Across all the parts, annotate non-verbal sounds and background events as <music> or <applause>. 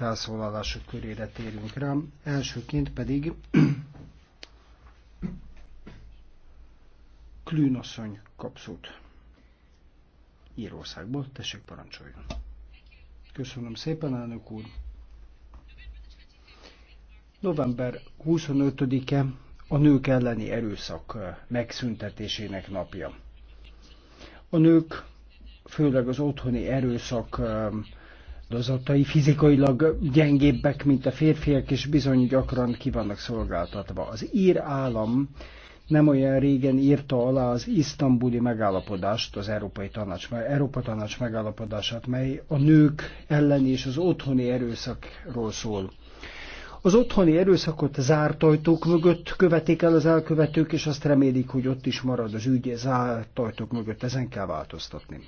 felszólalások körére térünk rám. Elsőként pedig Klűnasszony kapszót Írországból. Tessék, parancsoljon. Köszönöm szépen, elnök úr. November 25-e a nők elleni erőszak megszüntetésének napja. A nők, főleg az otthoni erőszak áldozatai fizikailag gyengébbek, mint a férfiak, és bizony gyakran kivannak szolgáltatva. Az ír állam nem olyan régen írta alá az isztambuli megállapodást, az Európai Tanács, Európa Tanács megállapodását, mely a nők elleni és az otthoni erőszakról szól. Az otthoni erőszakot zárt ajtók mögött követik el az elkövetők, és azt remélik, hogy ott is marad az ügy zárt ajtók mögött. Ezen kell változtatni.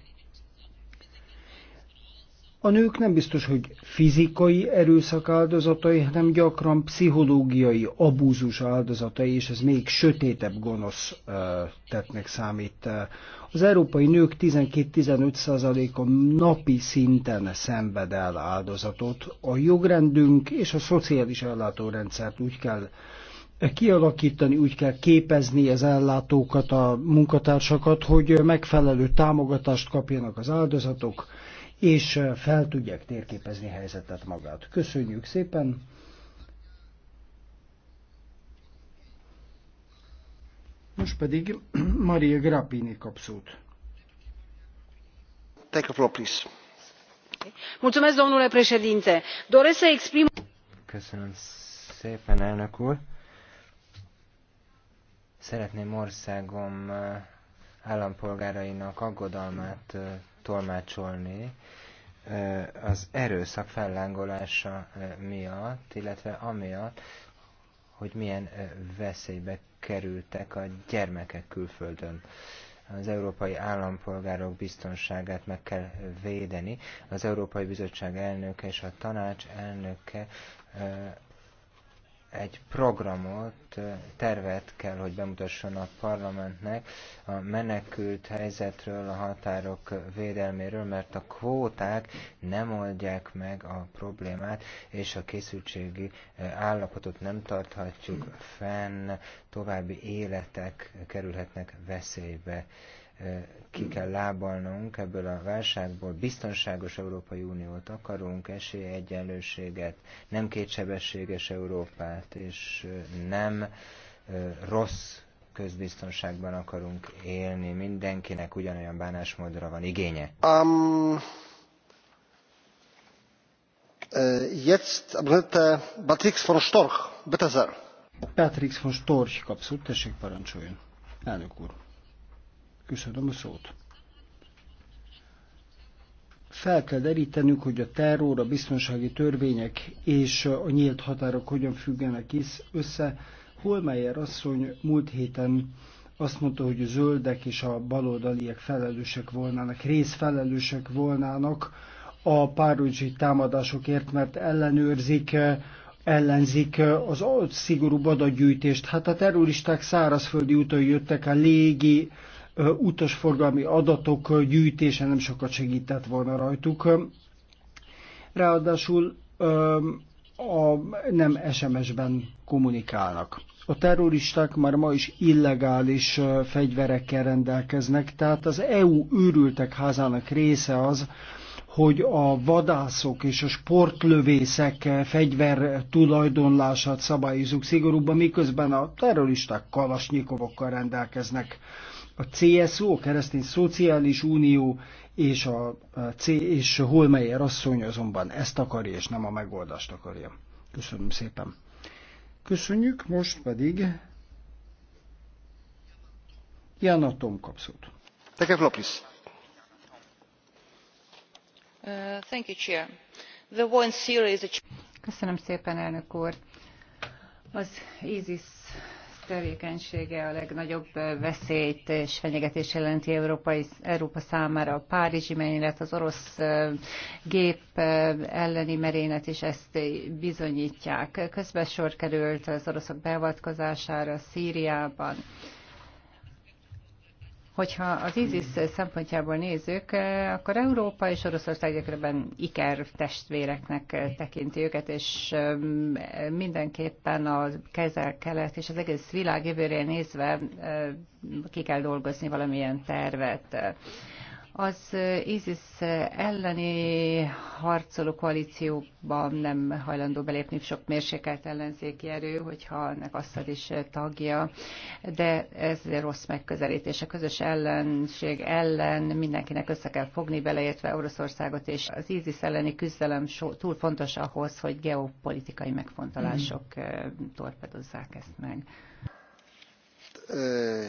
A nők nem biztos, hogy fizikai erőszak áldozatai, hanem gyakran pszichológiai abúzus áldozatai, és ez még sötétebb gonosz tettnek számít. Az európai nők 12-15%-a napi szinten szenved el áldozatot. A jogrendünk és a szociális ellátórendszert úgy kell kialakítani, úgy kell képezni az ellátókat, a munkatársakat, hogy megfelelő támogatást kapjanak az áldozatok, és fel tudják térképezni helyzetet magát. Köszönjük szépen! Most pedig <clears throat> Maria Grappini kap szót. Take a floor, please. Mulțumesc, domnule președinte. Doresc să exprim... Köszönöm szépen, elnök úr. Szeretném országom állampolgárainak aggodalmát tolmácsolni az erőszak fellángolása miatt, illetve amiatt, hogy milyen veszélybe kerültek a gyermekek külföldön. Az európai állampolgárok biztonságát meg kell védeni. Az Európai Bizottság elnöke és a tanács elnöke egy programot, tervet kell, hogy bemutasson a parlamentnek a menekült helyzetről, a határok védelméről, mert a kvóták nem oldják meg a problémát, és a készültségi állapotot nem tarthatjuk fenn, további életek kerülhetnek veszélybe ki kell lábalnunk ebből a válságból, biztonságos Európai Uniót akarunk, esélyegyenlőséget, nem kétsebességes Európát, és nem rossz közbiztonságban akarunk élni, mindenkinek ugyanolyan bánásmódra van igénye. Um, jetzt bitte Patrick von Storch, bitte sehr. von Storch kapszult, tessék parancsoljon. Elnök úr. Köszönöm a szót. Fel kell derítenünk, hogy a terror, a biztonsági törvények és a nyílt határok hogyan függenek is össze. Holmeyer asszony múlt héten azt mondta, hogy a zöldek és a baloldaliek felelősek volnának, részfelelősek volnának a párhuzsi támadásokért, mert ellenőrzik, ellenzik az szigorú adatgyűjtést. Hát a terroristák szárazföldi úton jöttek, a légi utasforgalmi adatok gyűjtése nem sokat segített volna rajtuk. Ráadásul a, nem SMS-ben kommunikálnak. A terroristák már ma is illegális fegyverekkel rendelkeznek, tehát az EU őrültek házának része az, hogy a vadászok és a sportlövészek fegyver tulajdonlását szabályozunk szigorúban, miközben a terroristák kalasnyikovokkal rendelkeznek a CSO, a Keresztény Szociális Unió és a C és Holmeyer asszony azonban ezt akarja, és nem a megoldást akarja. Köszönöm szépen. Köszönjük, most pedig Jana Tom kapszót. Teke Flopis. Uh, thank you, Chair. The one series... Köszönöm szépen, elnök úr. Az ISIS tevékenysége a legnagyobb veszélyt és fenyegetés jelenti Európai, Európa számára. A Párizsi merénylet, az orosz gép elleni merénylet is ezt bizonyítják. Közben sor került az oroszok beavatkozására Szíriában. Hogyha az ISIS szempontjából nézők, akkor Európa és Oroszország gyakorlatilag iker testvéreknek tekinti őket, és um, mindenképpen a kezel-kelet és az egész világ jövőre nézve uh, ki kell dolgozni valamilyen tervet. Az ISIS elleni harcoló koalícióban nem hajlandó belépni sok mérsékelt ellenzéki erő, hogyha ennek Assad is tagja, de ez rossz megközelítés. A közös ellenség ellen mindenkinek össze kell fogni, beleértve Oroszországot, és az ISIS elleni küzdelem so, túl fontos ahhoz, hogy geopolitikai megfontolások mm. Eh, torpedozzák ezt meg. Uh,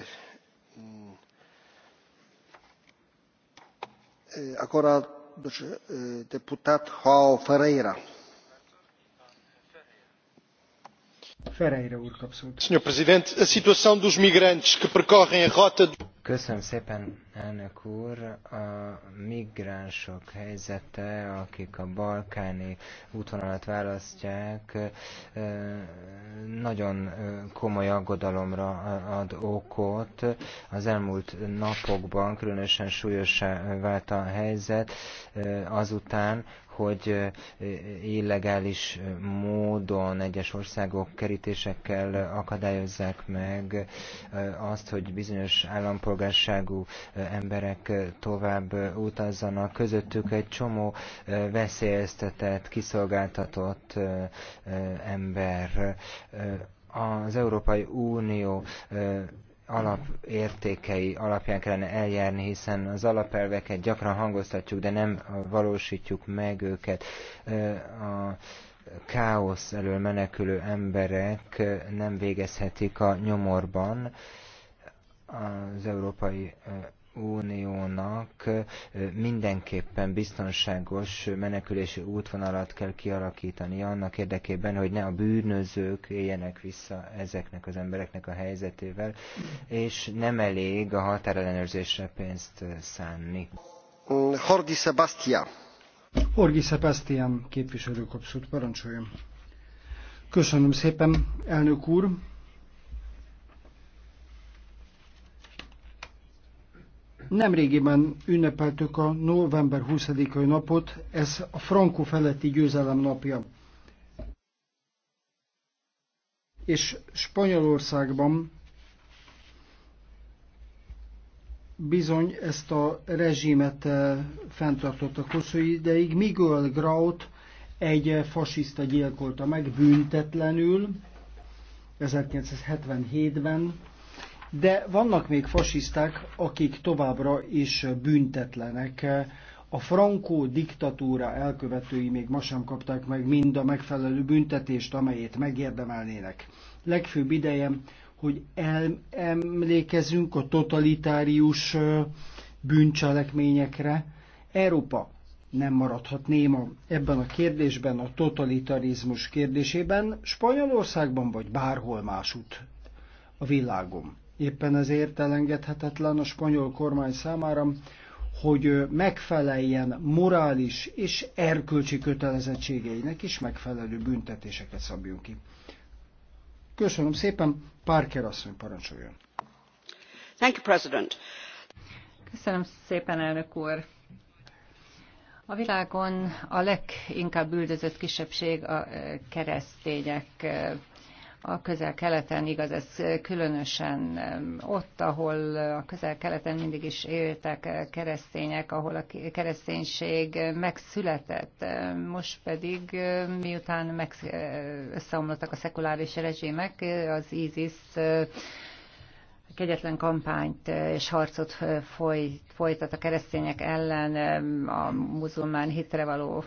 a situação dos migrantes que percorrem a rota. köszönöm szépen Elnök úr, a migránsok helyzete, akik a balkáni útvonalat választják, nagyon komoly aggodalomra ad okot. Az elmúlt napokban különösen súlyosá vált a helyzet, azután, hogy illegális módon egyes országok kerítésekkel akadályozzák meg azt, hogy bizonyos állampolgárságú emberek tovább utazzanak, közöttük egy csomó veszélyeztetett, kiszolgáltatott ember. Az Európai Unió alapértékei alapján kellene eljárni, hiszen az alapelveket gyakran hangoztatjuk, de nem valósítjuk meg őket. A káosz elől menekülő emberek nem végezhetik a nyomorban az Európai Uniónak mindenképpen biztonságos menekülési útvonalat kell kialakítani annak érdekében, hogy ne a bűnözők éljenek vissza ezeknek az embereknek a helyzetével, és nem elég a határellenőrzésre pénzt szánni. Horgi mm, Sebastian. Horgi Sebastian képviselő kapszót parancsoljon. Köszönöm szépen, elnök úr. Nemrégiben ünnepeltük a november 20-ai napot, ez a Franco feletti győzelem napja. És Spanyolországban bizony ezt a rezsimet eh, fenntartotta hosszú ideig. Miguel Graut egy fasiszta gyilkolta meg büntetlenül 1977-ben, de vannak még fasiszták, akik továbbra is büntetlenek. A frankó diktatúra elkövetői még ma sem kapták meg mind a megfelelő büntetést, amelyet megérdemelnének. Legfőbb ideje, hogy el, emlékezünk a totalitárius bűncselekményekre. Európa nem maradhat néma ebben a kérdésben, a totalitarizmus kérdésében, Spanyolországban vagy bárhol másút a világon. Éppen ezért elengedhetetlen a spanyol kormány számára, hogy megfeleljen morális és erkölcsi kötelezettségeinek, is megfelelő büntetéseket szabjon ki. Köszönöm szépen, Parker asszony parancsoljon. Thank you, President. Köszönöm szépen, elnök úr. A világon a leginkább üldözött kisebbség a keresztények a közel-keleten igaz, ez különösen ott, ahol a közel-keleten mindig is éltek eh, keresztények, ahol a kereszténység eh, megszületett. Eh, most pedig, miután meg, összeomlottak a szekuláris rezsimek, az ISIS kegyetlen kampányt és harcot folytat a keresztények ellen, a muzulmán hitre való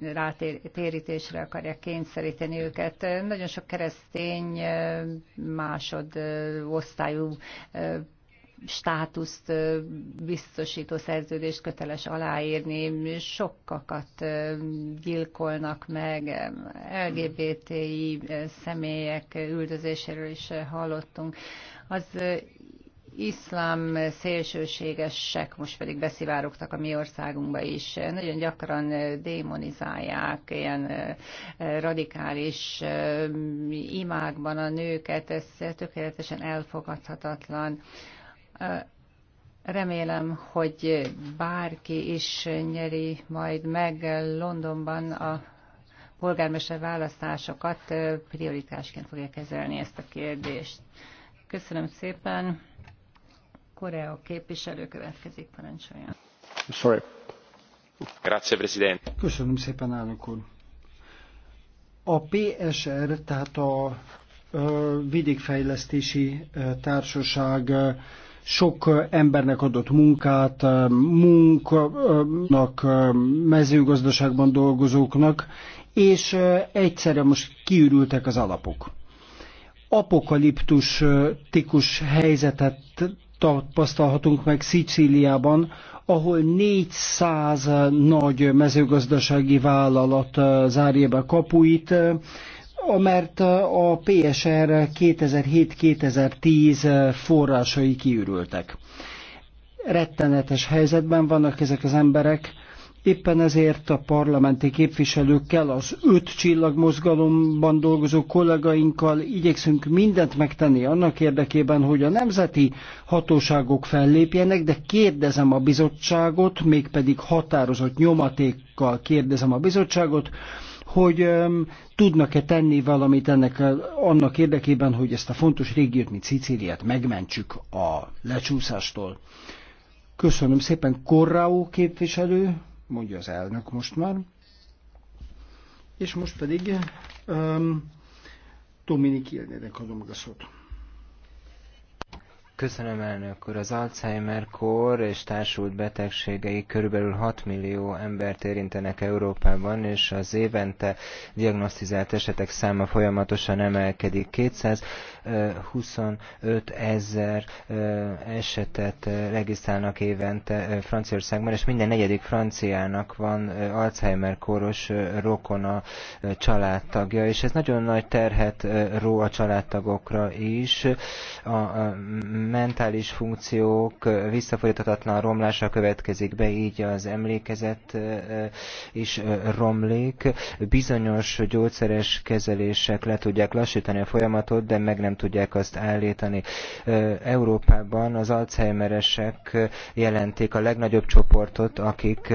rátérítésre akarják kényszeríteni őket. Nagyon sok keresztény osztályú státuszt biztosító szerződést köteles aláírni, sokakat gyilkolnak meg, LGBTI személyek üldözéséről is hallottunk. Az iszlám szélsőségesek most pedig beszivárogtak a mi országunkba is. Nagyon gyakran démonizálják ilyen radikális imákban a nőket, ez tökéletesen elfogadhatatlan. Remélem, hogy bárki is nyeri majd meg Londonban a polgármester választásokat, prioritásként fogja kezelni ezt a kérdést. Köszönöm szépen. Korea képviselő következik, parancsoljon. Sorry. Grazie, Presidente. Köszönöm szépen, elnök úr. A PSR, tehát a vidékfejlesztési társaság sok embernek adott munkát, munkanak, mezőgazdaságban dolgozóknak, és egyszerre most kiürültek az alapok apokaliptus-tikus helyzetet tapasztalhatunk meg Szicíliában, ahol 400 nagy mezőgazdasági vállalat eh, zárja be kapuit, eh, mert eh, a PSR 2007-2010 forrásai kiürültek. Rettenetes helyzetben vannak ezek az emberek, Éppen ezért a parlamenti képviselőkkel, az öt csillagmozgalomban dolgozó kollégainkkal igyekszünk mindent megtenni annak érdekében, hogy a nemzeti hatóságok fellépjenek, de kérdezem a bizottságot, mégpedig határozott nyomatékkal kérdezem a bizottságot, hogy um, tudnak-e tenni valamit ennek annak érdekében, hogy ezt a fontos régiót, mint Szicíliát megmentsük a lecsúszástól. Köszönöm szépen, Korráó képviselő mondja az elnök most már. És most pedig um, Dominik Ilnének adom meg a szót. Köszönöm elnök úr. Az Alzheimer-kor és társult betegségei körülbelül 6 millió embert érintenek Európában, és az évente diagnosztizált esetek száma folyamatosan emelkedik. 200 25 ezer eh, esetet eh, regisztrálnak évente eh, Franciaországban, és minden negyedik franciának van Alzheimer koros rokona családtagja, és ez nagyon nagy terhet ró a családtagokra is. A mentális funkciók visszafolytatatlan romlása következik be, így az emlékezet is romlik. Bizonyos gyógyszeres kezelések le tudják lassítani a folyamatot, de meg nem nem tudják azt állítani. Európában az alzheimeresek jelentik a legnagyobb csoportot, akik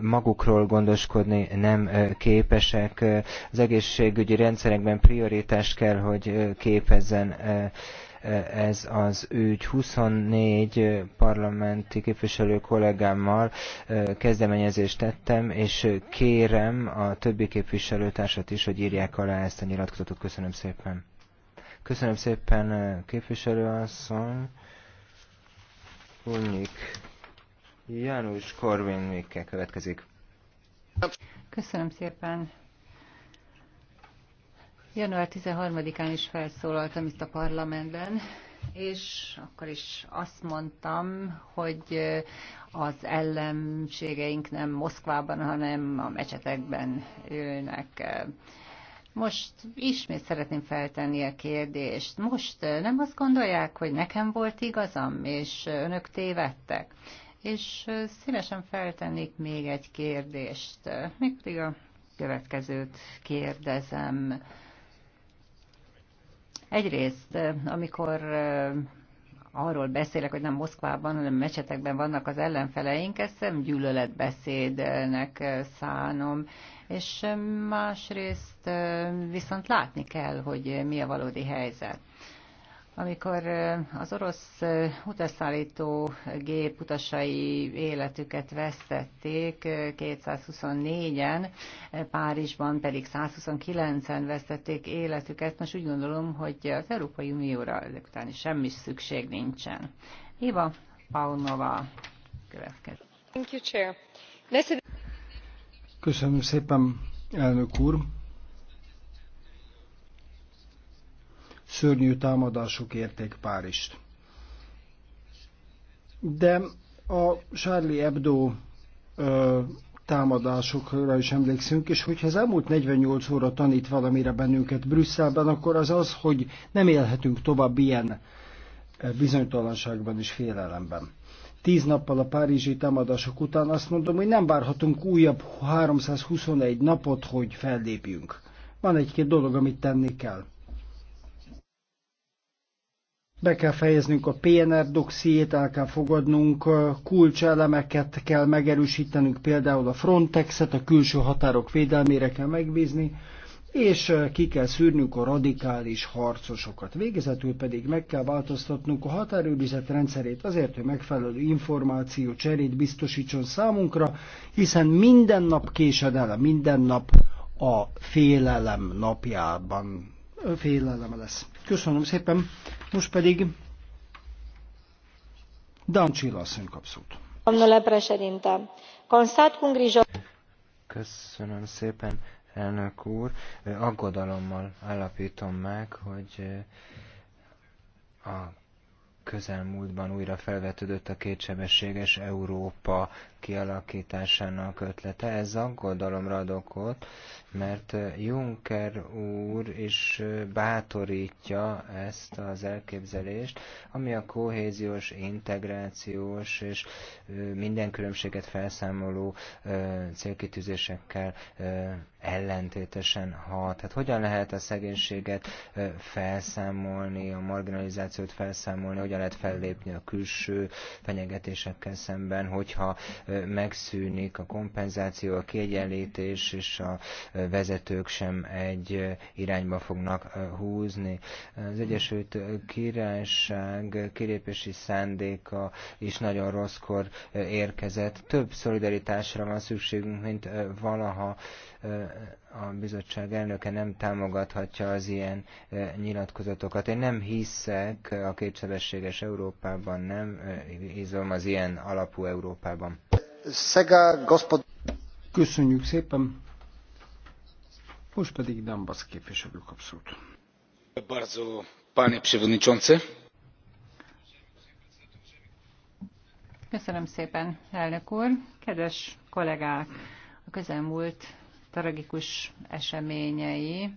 magukról gondoskodni nem képesek. Az egészségügyi rendszerekben prioritást kell, hogy képezzen ez az ügy. 24 parlamenti képviselő kollégámmal kezdeményezést tettem, és kérem a többi képviselőtársat is, hogy írják alá ezt a nyilatkozatot. Köszönöm szépen. Köszönöm szépen képviselőasszony. Unik. János Korvin Mikke következik. Köszönöm szépen, Január 13-án is felszólaltam itt a parlamentben, és akkor is azt mondtam, hogy az ellenségeink nem Moszkvában, hanem a mecsetekben ülnek. Most ismét szeretném feltenni a kérdést. Most nem azt gondolják, hogy nekem volt igazam, és önök tévedtek? És szívesen feltennék még egy kérdést, mégpedig a következőt kérdezem. Egyrészt, amikor arról beszélek, hogy nem Moszkvában, hanem mecsetekben vannak az ellenfeleink, ezt nem gyűlöletbeszédnek szánom, és másrészt viszont látni kell, hogy mi a valódi helyzet amikor az orosz utasszállító gép utasai életüket vesztették, 224-en, Párizsban pedig 129-en vesztették életüket. Most úgy gondolom, hogy az Európai Unióra ezek után is semmi szükség nincsen. Éva Paunova következik. Köszönöm szépen, elnök úr! szörnyű támadások érték Párizst. De a Charlie Hebdo ö, támadásokra is emlékszünk, és hogyha az elmúlt 48 óra tanít valamire bennünket Brüsszelben, akkor az az, hogy nem élhetünk tovább ilyen bizonytalanságban és félelemben. Tíz nappal a párizsi támadások után azt mondom, hogy nem várhatunk újabb 321 napot, hogy fellépjünk. Van egy-két dolog, amit tenni kell. Be kell fejeznünk a PNR doxiét, el kell fogadnunk kulcselemeket, kell megerősítenünk például a Frontexet, a külső határok védelmére kell megbízni, és ki kell szűrnünk a radikális harcosokat. Végezetül pedig meg kell változtatnunk a határőrizet rendszerét azért, hogy megfelelő információ cserét biztosítson számunkra, hiszen minden nap késedele, minden nap a félelem napjában félelem lesz. Köszönöm szépen. Most pedig Dancsilla asszony kap szót. Köszönöm szépen, elnök úr. Aggodalommal állapítom meg, hogy eh, a közelmúltban újra felvetődött a kétsebességes Európa kialakításának ötlete. Ez aggodalomra ad okot, mert Juncker úr is bátorítja ezt az elképzelést, ami a kohéziós, integrációs és minden különbséget felszámoló célkitűzésekkel ellentétesen hat. Tehát hogyan lehet a szegénységet felszámolni, a marginalizációt felszámolni, hogyan lehet fellépni a külső fenyegetésekkel szemben, hogyha megszűnik a kompenzáció, a kiegyenlítés, és a vezetők sem egy irányba fognak húzni. Az Egyesült Királyság kilépési szándéka is nagyon rosszkor érkezett. Több szolidaritásra van szükségünk, mint valaha a bizottság elnöke nem támogathatja az ilyen nyilatkozatokat. Én nem hiszek a kétsebességes Európában, nem hízom az ilyen alapú Európában. Köszönjük szépen. Most pedig Dambasz képviselő kap szót. Bardzo, panie przewodniczący. Köszönöm szépen, elnök úr. Kedves kollégák, a közelmúlt tragikus eseményei,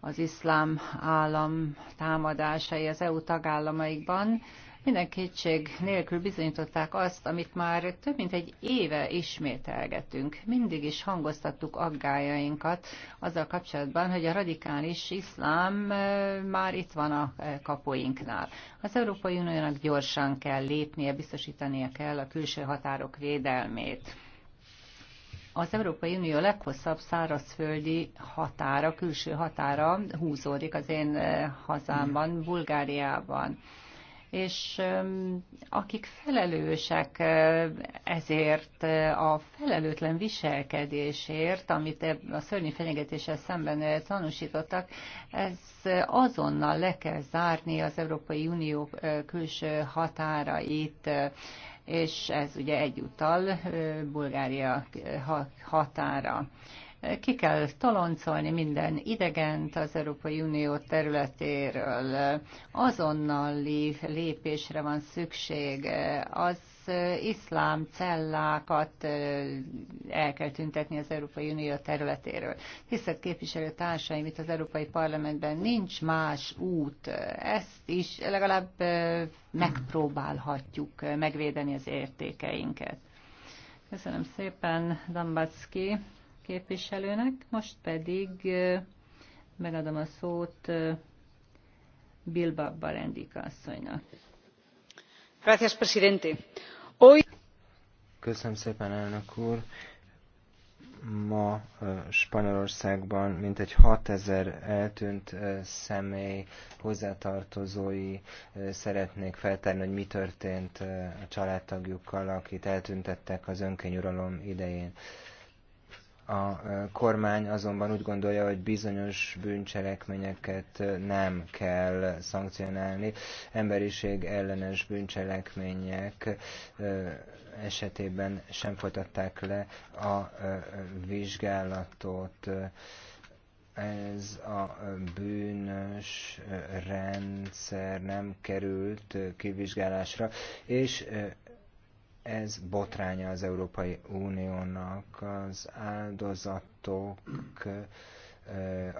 az iszlám állam támadásai az EU tagállamaikban minden kétség nélkül bizonyították azt, amit már több mint egy éve ismételgetünk. Mindig is hangoztattuk aggájainkat azzal kapcsolatban, hogy a radikális iszlám már itt van a kapuinknál. Az Európai Uniónak gyorsan kell lépnie, biztosítania kell a külső határok védelmét. Az Európai Unió leghosszabb szárazföldi határa, külső határa húzódik az én hazámban, Bulgáriában és akik felelősek ezért a felelőtlen viselkedésért, amit a szörnyű fenyegetéssel szemben tanúsítottak, ez azonnal le kell zárni az Európai Unió külső határait, és ez ugye egyúttal Bulgária határa. Ki kell taloncolni minden idegent az Európai Unió területéről. Azonnali lépésre van szükség. Az iszlám cellákat el kell tüntetni az Európai Unió területéről. Tisztelt képviselő társaim, itt az Európai Parlamentben nincs más út. Ezt is legalább megpróbálhatjuk megvédeni az értékeinket. Köszönöm szépen, Dambacki képviselőnek, most pedig megadom a szót Bilba Barendika asszonynak. Gracias, presidente. Hoy... Köszönöm szépen, elnök úr. Ma Spanyolországban mintegy 6000 eltűnt személy hozzátartozói szeretnék feltárni, hogy mi történt a családtagjukkal, akit eltüntettek az önkényuralom idején. A e, kormány azonban úgy gondolja, hogy bizonyos bűncselekményeket e, nem kell szankcionálni. Emberiség ellenes bűncselekmények e, esetében sem folytatták le a vizsgálatot. Ez a bűnös rendszer nem került kivizsgálásra, és ez botránya az Európai Uniónak, az áldozatok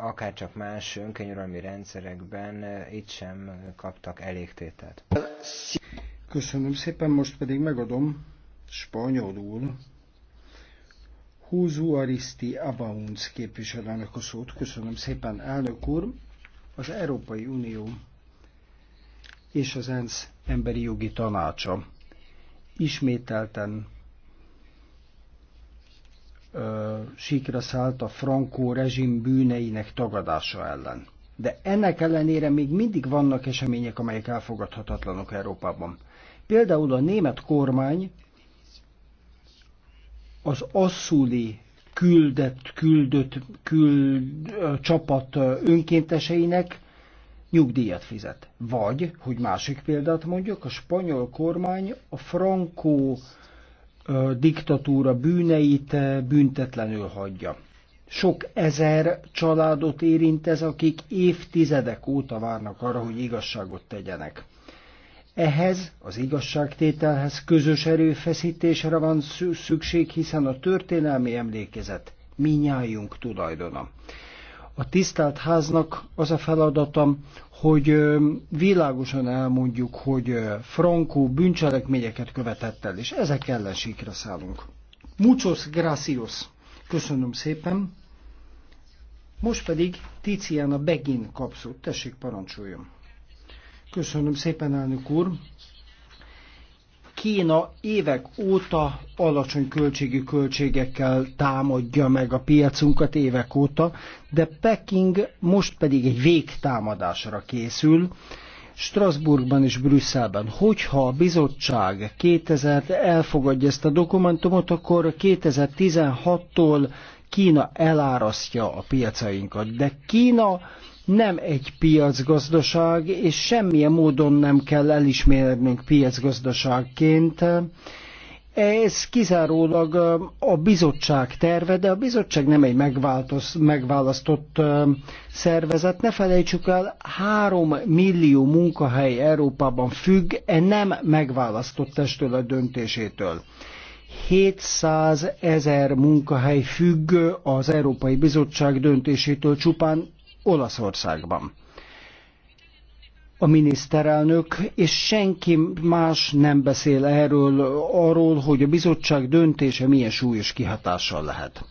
akár csak más önkényuralmi rendszerekben itt sem kaptak elégtételt. Köszönöm szépen, most pedig megadom spanyolul Húzú Ariszti Abaunc képviselőnek a szót. Köszönöm szépen, elnök úr. Az Európai Unió és az ENSZ emberi jogi tanácsa ismételten ö, síkra szállt a frankó rezsim bűneinek tagadása ellen. De ennek ellenére még mindig vannak események, amelyek elfogadhatatlanok Európában. Például a német kormány az asszuli küldött, küldött küld, ö, csapat önkénteseinek nyugdíjat fizet. Vagy, hogy másik példát mondjuk, a spanyol kormány a frankó diktatúra bűneit büntetlenül hagyja. Sok ezer családot érint ez, akik évtizedek óta várnak arra, hogy igazságot tegyenek. Ehhez, az igazságtételhez közös erőfeszítésre van szükség, hiszen a történelmi emlékezet minnyájunk tulajdona. A tisztelt háznak az a feladatom, hogy világosan elmondjuk, hogy Franco bűncselekményeket követett el, és ezek ellen síkra szállunk. Muchos gracios. Köszönöm szépen. Most pedig Tiziana Begin kapszót. Tessék, parancsoljon. Köszönöm szépen, elnök úr. Kína évek óta alacsony költségi költségekkel támadja meg a piacunkat évek óta, de Peking most pedig egy végtámadásra készül, Strasbourgban és Brüsszelben. Hogyha a bizottság 2000 elfogadja ezt a dokumentumot, akkor 2016-tól Kína elárasztja a piacainkat. De Kína nem egy piacgazdaság, és semmilyen módon nem kell elismernünk piacgazdaságként. Ez kizárólag a bizottság terve, de a bizottság nem egy megválasztott szervezet. Ne felejtsük el, három millió munkahely Európában függ e nem megválasztott testől a döntésétől. 700 ezer munkahely függ az Európai Bizottság döntésétől csupán Olaszországban a miniszterelnök, és senki más nem beszél erről, arról, hogy a bizottság döntése milyen súlyos kihatással lehet.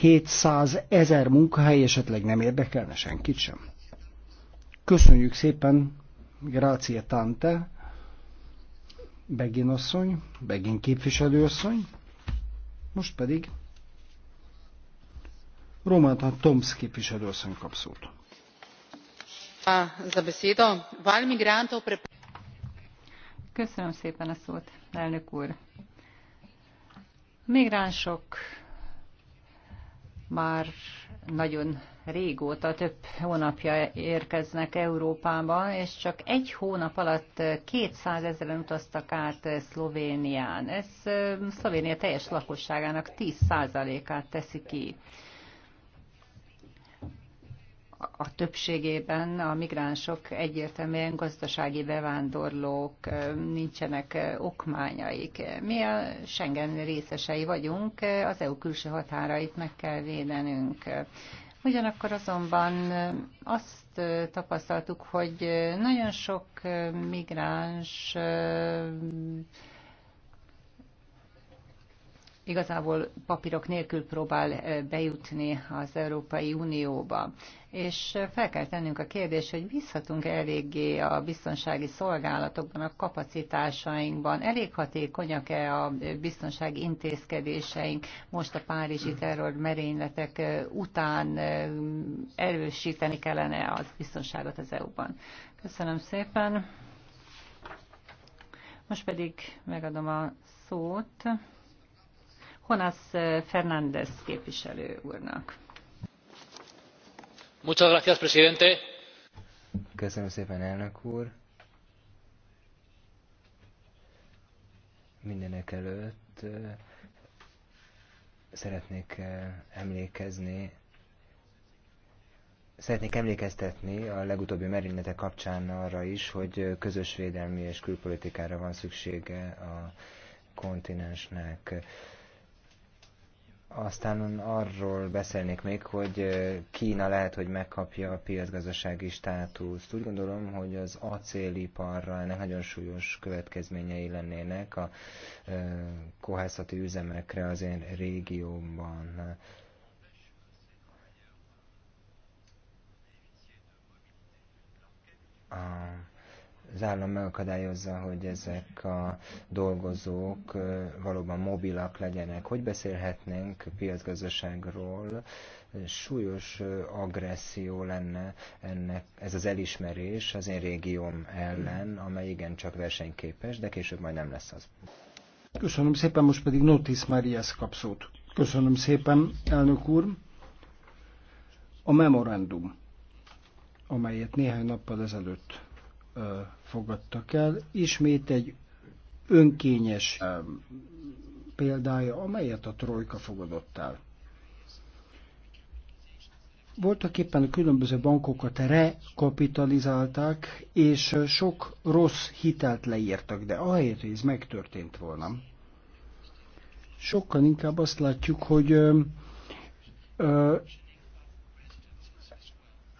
700 ezer munkahely esetleg nem érdekelne senkit sem. Köszönjük szépen, Grácia Tante, Begin asszony, Begin képviselőasszony, most pedig Román Toms képviselő asszony kap szót. Köszönöm szépen a szót, elnök úr. Migránsok már nagyon régóta, több hónapja érkeznek Európába, és csak egy hónap alatt 200 ezeren utaztak át Szlovénián. Ez Szlovénia teljes lakosságának 10%-át teszi ki a többségében a migránsok egyértelműen gazdasági bevándorlók, nincsenek okmányaik. Mi a Schengen részesei vagyunk, az EU külső határait meg kell védenünk. Ugyanakkor azonban azt tapasztaltuk, hogy nagyon sok migráns igazából papírok nélkül próbál eh, bejutni az Európai Unióba. És eh, fel kell tennünk a kérdés, hogy bízhatunk eléggé a biztonsági szolgálatokban, a kapacitásainkban, elég hatékonyak-e a eh, biztonsági intézkedéseink most a párizsi terror merényletek után erősíteni kellene az biztonságot az EU-ban. Köszönöm szépen. Most pedig megadom a szót. Jonas eh, Fernández képviselő úrnak. Muchas gracias, presidente. Köszönöm szépen, elnök úr. Mindenek előtt eh, szeretnék eh, emlékezni Szeretnék emlékeztetni a legutóbbi merénylete kapcsán arra is, hogy közös védelmi és külpolitikára van szüksége a kontinensnek. Aztán arról beszélnék még, hogy Kína lehet, hogy megkapja a piacgazdasági státuszt. Úgy gondolom, hogy az acéliparra ennek nagyon súlyos következményei lennének a kohászati üzemekre az én régióban. A az állam megakadályozza, hogy ezek a dolgozók valóban mobilak legyenek. Hogy beszélhetnénk piacgazdaságról? Súlyos agresszió lenne ennek, ez az elismerés az én régióm ellen, amely igencsak versenyképes, de később majd nem lesz az. Köszönöm szépen, most pedig Notis Marias kap szót. Köszönöm szépen, elnök úr. A memorandum, amelyet néhány nappal ezelőtt fogadtak el. Ismét egy önkényes példája, amelyet a Trojka fogadott el. Voltak éppen a különböző bankokat rekapitalizálták, és sok rossz hitelt leírtak, de ahelyett, hogy ez megtörtént volna, sokkal inkább azt látjuk, hogy ö, ö,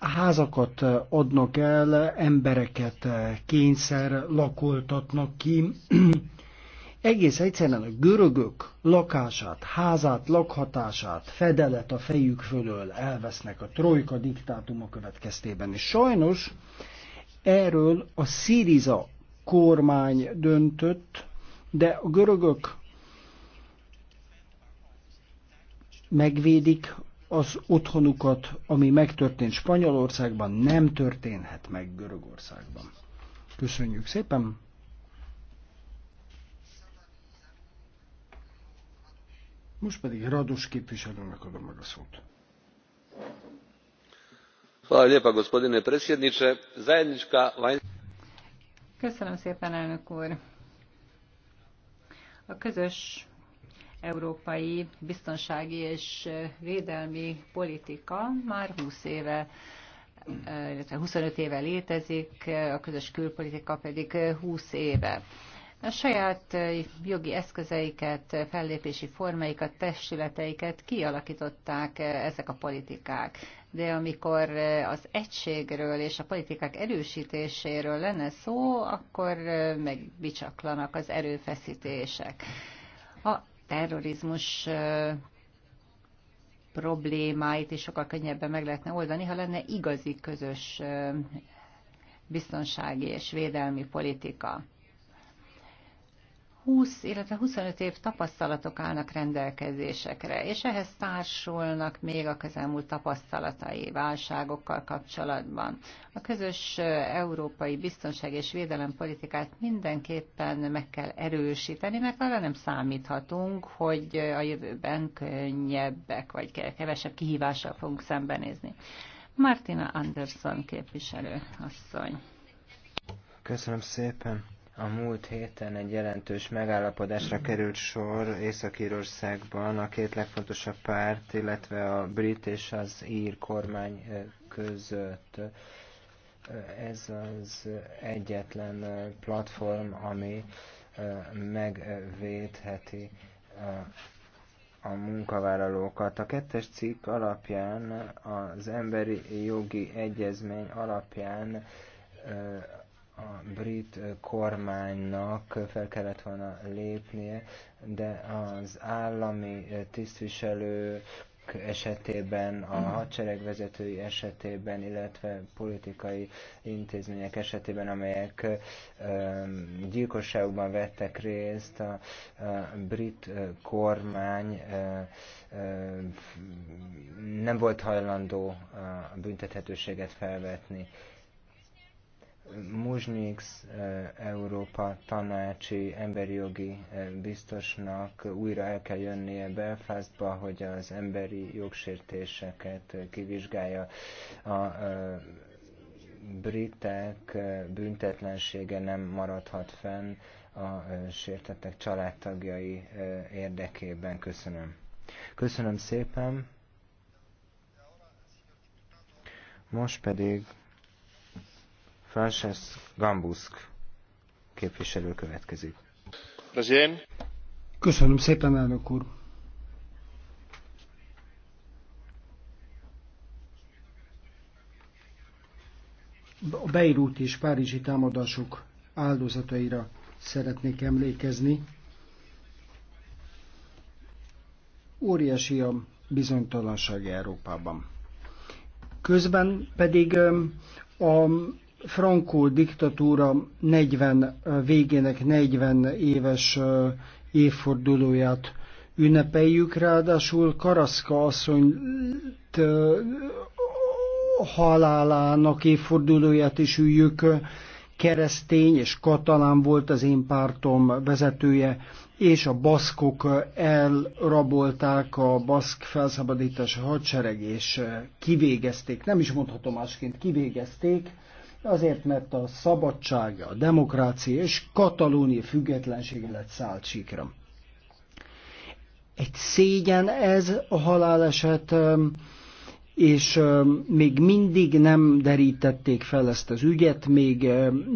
házakat adnak el, embereket kényszer lakoltatnak ki. <clears throat> Egész egyszerűen a görögök lakását, házát, lakhatását, fedelet a fejük fölől elvesznek a trojka diktátuma következtében. És sajnos erről a Szíriza kormány döntött, de a görögök megvédik az otthonukat, ami megtörtént Spanyolországban, nem történhet meg Görögországban. Köszönjük szépen! Most pedig Rados képviselőnek adom meg a szót. Köszönöm szépen, elnök úr! A közös európai biztonsági és védelmi politika már 20 éve illetve 25 éve létezik, a közös külpolitika pedig 20 éve. A saját jogi eszközeiket, fellépési formáikat, testületeiket kialakították ezek a politikák. De amikor az egységről és a politikák erősítéséről lenne szó, akkor megbicsaklanak az erőfeszítések. A terrorizmus problémáit is sokkal könnyebben meg lehetne oldani, ha lenne igazi közös biztonsági és védelmi politika. 20, illetve 25 év tapasztalatok állnak rendelkezésekre, és ehhez társulnak még a közelmúlt tapasztalatai válságokkal kapcsolatban. A közös európai biztonság és védelempolitikát mindenképpen meg kell erősíteni, mert arra nem számíthatunk, hogy a jövőben könnyebbek vagy kevesebb kihívással fogunk szembenézni. Martina Anderson képviselő asszony. Köszönöm szépen. A múlt héten egy jelentős megállapodásra került sor Észak-Írországban a két legfontosabb párt, illetve a brit és az ír kormány eh, között. Eh, ez az egyetlen eh, platform, ami megvédheti a munkavállalókat. A kettes cikk alapján, az emberi jogi egyezmény alapján a brit kormánynak fel kellett volna lépnie, de az állami tisztviselő esetében, a hadsereg vezetői esetében, illetve politikai intézmények esetében, amelyek gyilkosságokban vettek részt, a brit kormány nem volt hajlandó a büntethetőséget felvetni. Muzsnyix eh, Európa tanácsi emberi jogi eh, biztosnak újra el kell jönnie Belfastba, hogy az emberi jogsértéseket kivizsgálja. A eh, britek büntetlensége nem maradhat fenn a sértettek családtagjai érdekében. Köszönöm. Köszönöm szépen. Most pedig Francesc Gambusk képviselő következik. Köszönöm szépen, elnök úr! A Beirut és Párizsi támadások áldozataira szeretnék emlékezni. Óriási a bizonytalanság Európában. Közben pedig a Franco diktatúra 40, végének 40 éves évfordulóját ünnepeljük, ráadásul Karaszka asszonyt halálának évfordulóját is üljük, keresztény és katalán volt az én pártom vezetője, és a baszkok elrabolták a baszk felszabadítás hadsereg, és kivégezték, nem is mondhatom másként, kivégezték, azért, mert a szabadság, a demokrácia és Katalónia függetlensége lett szállt síkra. Egy szégyen ez a haláleset, és még mindig nem derítették fel ezt az ügyet, még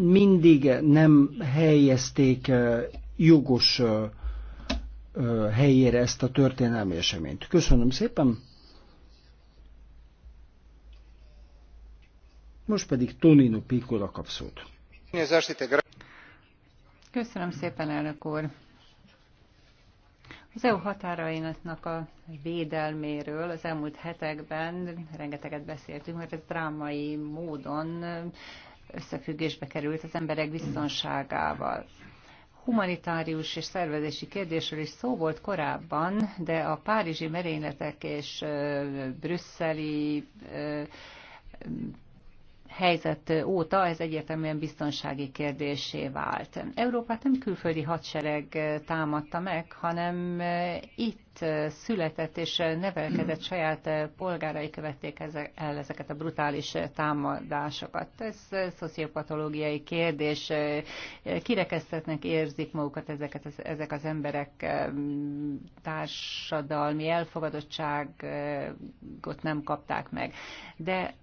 mindig nem helyezték jogos helyére ezt a történelmi eseményt. Köszönöm szépen! Most pedig Tonino Piccola kap szót. Köszönöm szépen, elnök úr. Az EU határainak a védelméről az elmúlt hetekben rengeteget beszéltünk, mert ez drámai módon összefüggésbe került az emberek biztonságával humanitárius és szervezési kérdésről is szó volt korábban, de a párizsi merényletek és brüsszeli helyzet óta ez egyértelműen biztonsági kérdésé vált. Európát nem külföldi hadsereg támadta meg, hanem itt itt született és nevelkedett saját polgárai követték el ezeket a brutális támadásokat. Ez szociopatológiai kérdés. Kirekesztetnek érzik magukat ezeket az, ezek az emberek társadalmi elfogadottságot nem kapták meg. De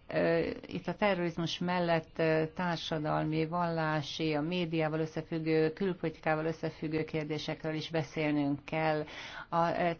itt a terrorizmus mellett társadalmi, vallási, a médiával összefüggő, külpolitikával összefüggő kérdésekről is beszélnünk kell. A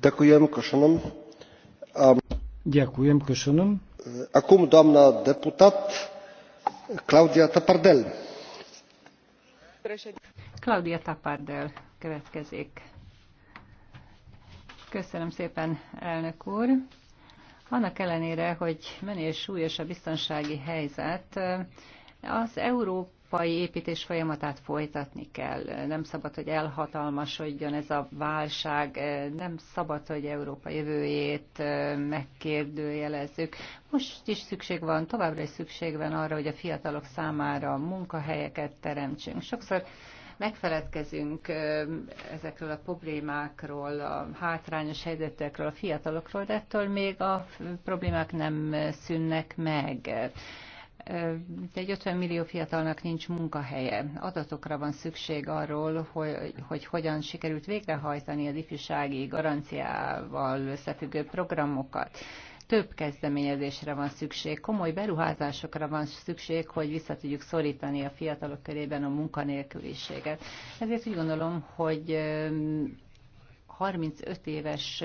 Ďakujem, köszönöm. Ďakujem, köszönöm. Acum doamna deputat Claudia Tapardel. Claudia Tapardel következik. Köszönöm szépen, elnök úr. Annak ellenére, hogy menés súlyos a biztonsági helyzet, az Európa európai építés folyamatát folytatni kell. Nem szabad, hogy elhatalmasodjon ez a válság, nem szabad, hogy Európa jövőjét megkérdőjelezzük. Most is szükség van, továbbra is szükség van arra, hogy a fiatalok számára munkahelyeket teremtsünk. Sokszor megfeledkezünk ezekről a problémákról, a hátrányos helyzetekről, a fiatalokról, de ettől még a problémák nem szűnnek meg egy 50 millió fiatalnak nincs munkahelye. Adatokra van szükség arról, hogy, hogy hogyan sikerült végrehajtani az ifjúsági garanciával összefüggő programokat több kezdeményezésre van szükség, komoly beruházásokra van szükség, hogy vissza tudjuk szorítani a fiatalok körében a munkanélküliséget. Ezért úgy gondolom, hogy 35 éves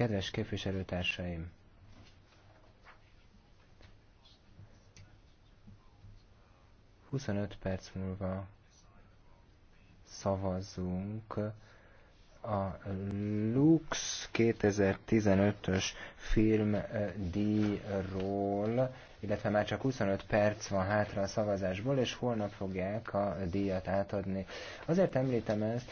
Kedves képviselőtársaim! Huszonöt perc múlva szavazzunk a Lux 2015-ös filmdíjról, illetve már csak 25 perc van hátra a szavazásból, és holnap fogják a díjat átadni. Azért említem ezt,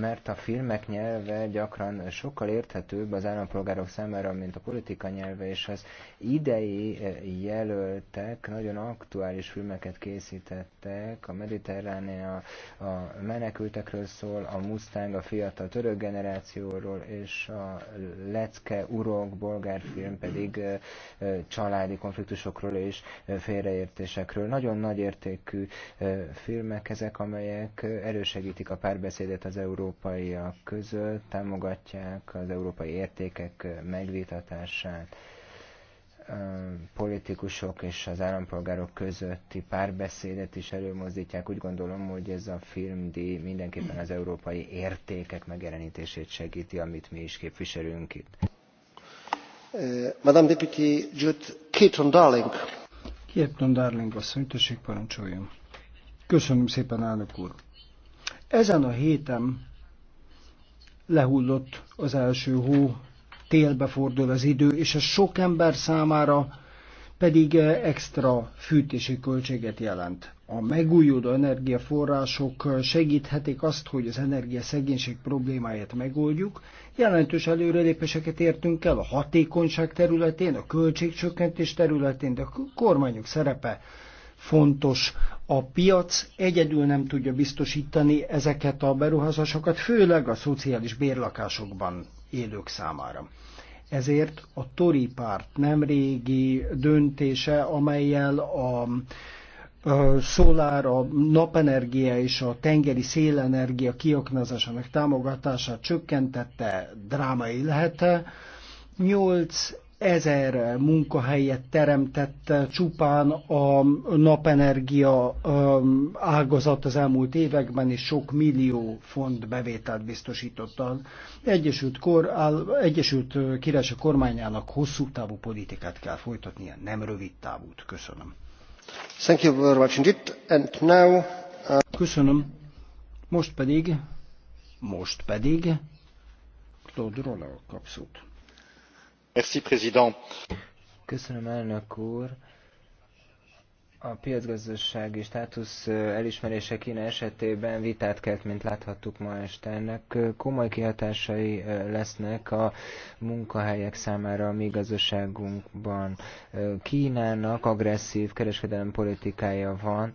mert a filmek nyelve gyakran sokkal érthetőbb az állampolgárok számára, mint a politika nyelve, és az idei jelöltek nagyon aktuális filmeket készítettek, a Mediterránea a menekültekről szól, a Mustang a fiatal török generációról, és a Lecke urok bolgár film pedig családi konfliktusokról erőszakról és félreértésekről. Nagyon nagy értékű filmek ezek, amelyek elősegítik a párbeszédet az európaiak között, támogatják az európai értékek megvitatását politikusok és az állampolgárok közötti párbeszédet is előmozdítják. Úgy gondolom, hogy ez a filmdi mindenképpen az európai értékek megjelenítését segíti, amit mi is képviselünk itt. Madame Deputy Jude Kirton Darling. Kirton Darling asszony, tessék parancsoljon. Köszönöm szépen, elnök úr. Ezen a héten lehullott az első hó, télbe fordul az idő, és ez sok ember számára pedig eh, extra fűtési költséget jelent. A megújuló energiaforrások eh, segíthetik azt, hogy az energiaszegénység problémáját megoldjuk. Jelentős előrelépéseket értünk el a hatékonyság területén, a költségcsökkentés területén, de a kormányok szerepe fontos. A piac egyedül nem tudja biztosítani ezeket a beruházásokat, főleg a szociális bérlakásokban élők számára. Ezért a Tori párt nemrégi döntése, amelyel a szolár, a napenergia és a tengeri szélenergia kiaknázásának támogatását csökkentette, drámai lehet. 8 ezer munkahelyet teremtett csupán a napenergia um, ágazat az elmúlt években, és sok millió font bevételt biztosított az Egyesült, Kor, Egyesült Királyság kormányának hosszú távú politikát kell folytatnia, nem rövid távút. Köszönöm. Thank you very much indeed. And now, uh... Köszönöm. Most pedig, most pedig, Claude Roller kapszót. Köszönöm, elnök úr a piacgazdasági státusz elismerése Kína esetében vitát kelt, mint láthattuk ma este. Ennek komoly kihatásai lesznek a munkahelyek számára a mi gazdaságunkban. Kínának agresszív kereskedelmi politikája van,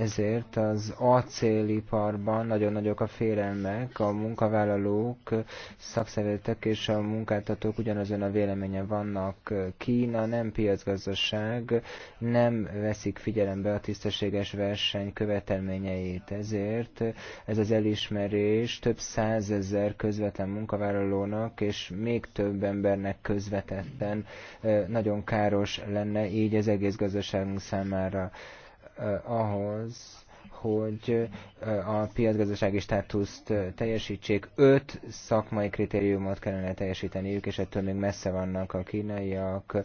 ezért az acéliparban nagyon nagyok a félelmek, a munkavállalók, szakszervezetek és a munkáltatók ugyanazon a véleményen vannak. Kína nem piacgazdaság, nem veszik veszik figyelembe a tisztességes verseny követelményeit. Ezért ez az elismerés több százezer közvetlen munkavállalónak és még több embernek közvetetten nagyon káros lenne így az egész gazdaságunk számára ahhoz, hogy a piacgazdasági státuszt teljesítsék. Öt szakmai kritériumot kellene teljesíteniük, és ettől még messze vannak a kínaiak,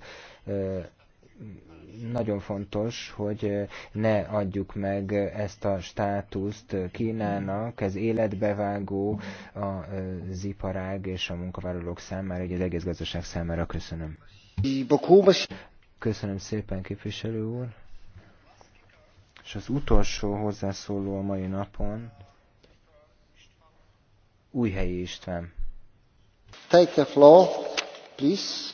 nagyon fontos, hogy ne adjuk meg ezt a státuszt Kínának, ez életbevágó az iparág és a munkavállalók számára, egy az egész gazdaság számára köszönöm. Köszönöm szépen, képviselő úr. És az utolsó hozzászóló a mai napon, Újhelyi István. Take the floor, please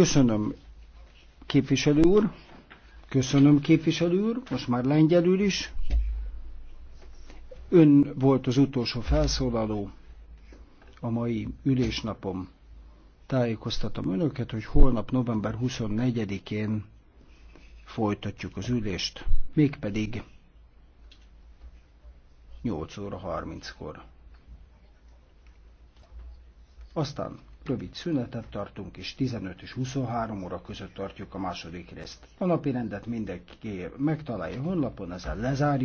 Köszönöm, képviselő úr. Köszönöm, képviselő úr. Most már lengyelül is. Ön volt az utolsó felszólaló a mai ülésnapom. Tájékoztatom önöket, hogy holnap november 24-én folytatjuk az ülést, mégpedig 8 óra 30-kor. Aztán rövid szünetet tartunk, és 15 és 23 óra között tartjuk a második részt. A napi rendet mindenki megtalálja honlapon, ezzel lezárjuk.